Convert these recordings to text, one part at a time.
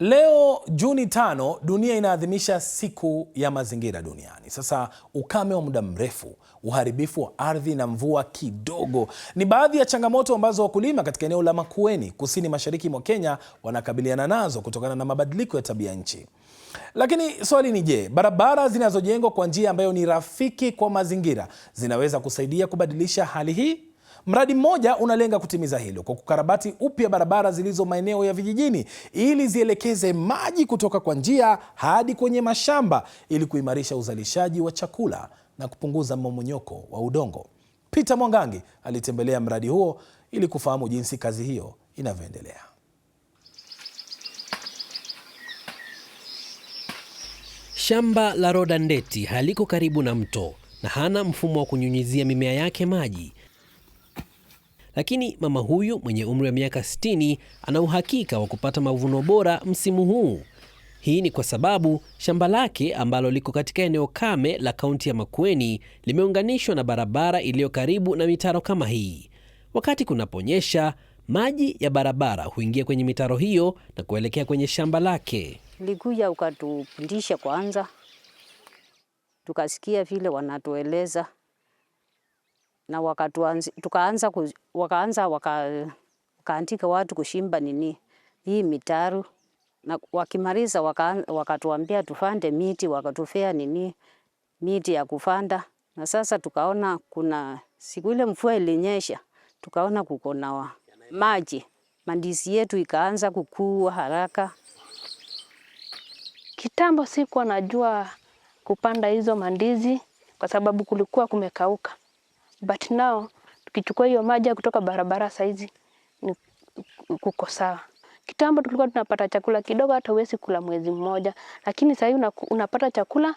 Leo Juni tano, dunia inaadhimisha siku ya mazingira duniani. Sasa ukame wa muda mrefu, uharibifu wa ardhi na mvua kidogo ni baadhi ya changamoto ambazo wakulima katika eneo la Makueni, kusini mashariki mwa Kenya, wanakabiliana nazo kutokana na mabadiliko ya tabia nchi. Lakini swali ni je, barabara zinazojengwa kwa njia ambayo ni rafiki kwa mazingira zinaweza kusaidia kubadilisha hali hii? Mradi mmoja unalenga kutimiza hilo kwa kukarabati upya barabara zilizo maeneo ya vijijini ili zielekeze maji kutoka kwa njia hadi kwenye mashamba ili kuimarisha uzalishaji wa chakula na kupunguza mmomonyoko wa udongo. Peter Mwangangi alitembelea mradi huo ili kufahamu jinsi kazi hiyo inavyoendelea. Shamba la rodandeti haliko karibu na mto na hana mfumo wa kunyunyizia mimea yake maji lakini mama huyu mwenye umri wa miaka 60 ana uhakika wa kupata mavuno bora msimu huu. Hii ni kwa sababu shamba lake ambalo liko katika eneo kame la kaunti ya Makueni limeunganishwa na barabara iliyo karibu na mitaro kama hii. Wakati kunaponyesha, maji ya barabara huingia kwenye mitaro hiyo na kuelekea kwenye shamba lake. Likuja ukatupindisha kwanza, tukasikia vile wanatueleza na wakatuanzi, tukaanza wakaanza waka, wakaandika watu kushimba nini hii mitaru na wakimaliza wakatuambia waka tufande miti, wakatufea nini miti ya kufanda. Na sasa tukaona kuna siku ile mvua ilinyesha, tukaona kuko na maji, mandizi yetu ikaanza kukua haraka. Kitambo sikuwa najua kupanda hizo mandizi kwa sababu kulikuwa kumekauka, but now tukichukua hiyo maji kutoka barabara saizi ni kuko sawa. Kitambo tulikuwa tunapata chakula kidogo, hata uwezi kula mwezi mmoja, lakini sasa unapata chakula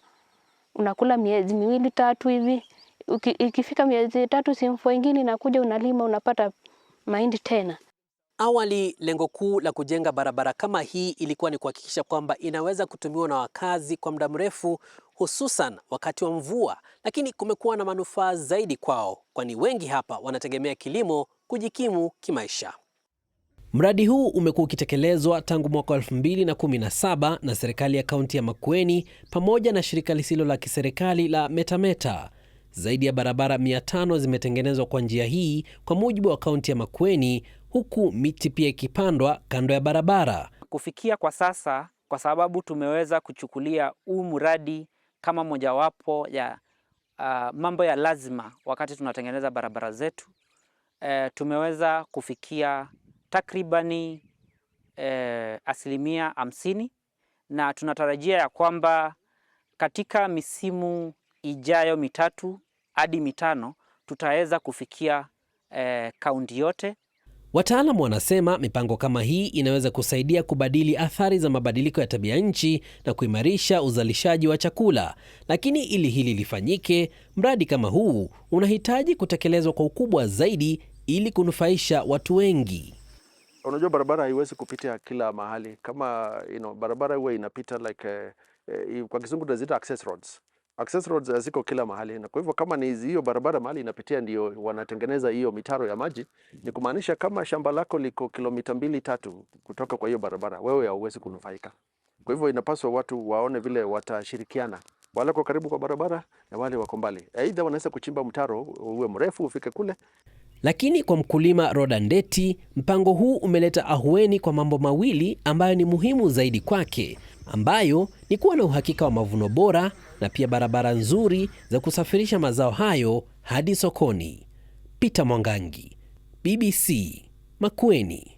unakula miezi miwili tatu hivi. Ikifika miezi tatu, simfu ingine inakuja, unalima unapata mahindi tena. Awali lengo kuu la kujenga barabara kama hii ilikuwa ni kuhakikisha kwamba inaweza kutumiwa na wakazi kwa muda mrefu, hususan wakati wa mvua, lakini kumekuwa na manufaa zaidi kwao, kwani wengi hapa wanategemea kilimo kujikimu kimaisha. Mradi huu umekuwa ukitekelezwa tangu mwaka 2017 na, na serikali ya kaunti ya Makueni pamoja na shirika lisilo la kiserikali la Metameta. Zaidi ya barabara 500 zimetengenezwa kwa njia hii kwa mujibu wa kaunti ya Makueni, huku miti pia ikipandwa kando ya barabara. Kufikia kwa sasa, kwa sababu tumeweza kuchukulia huu mradi kama mojawapo ya uh, mambo ya lazima wakati tunatengeneza barabara zetu, e, tumeweza kufikia takribani e, asilimia hamsini na tunatarajia ya kwamba katika misimu ijayo mitatu hadi mitano tutaweza kufikia eh, kaunti yote Wataalamu wanasema mipango kama hii inaweza kusaidia kubadili athari za mabadiliko ya tabia nchi na kuimarisha uzalishaji wa chakula, lakini ili hili lifanyike, mradi kama huu unahitaji kutekelezwa kwa ukubwa zaidi ili kunufaisha watu wengi. Unajua, barabara haiwezi kupitia kila mahali kama you know, barabara huwa inapita like uh, uh, kwa kizungu tunaziita access roads access roads ziko kila mahali, na kwa hivyo kama ni hiyo barabara mahali inapitia ndio wanatengeneza hiyo mitaro ya maji, ni kumaanisha kama shamba lako liko kilomita mbili tatu kutoka kwa hiyo barabara, wewe hauwezi kunufaika. Kwa hivyo inapaswa watu waone vile watashirikiana, wale wako karibu kwa barabara na wale wako mbali, aidha wanaweza kuchimba mtaro uwe mrefu ufike kule. Lakini kwa mkulima Roda Ndeti, mpango huu umeleta ahueni kwa mambo mawili ambayo ni muhimu zaidi kwake, ambayo ni kuwa na uhakika wa mavuno bora na pia barabara nzuri za kusafirisha mazao hayo hadi sokoni. Peter Mwangangi, BBC, Makueni.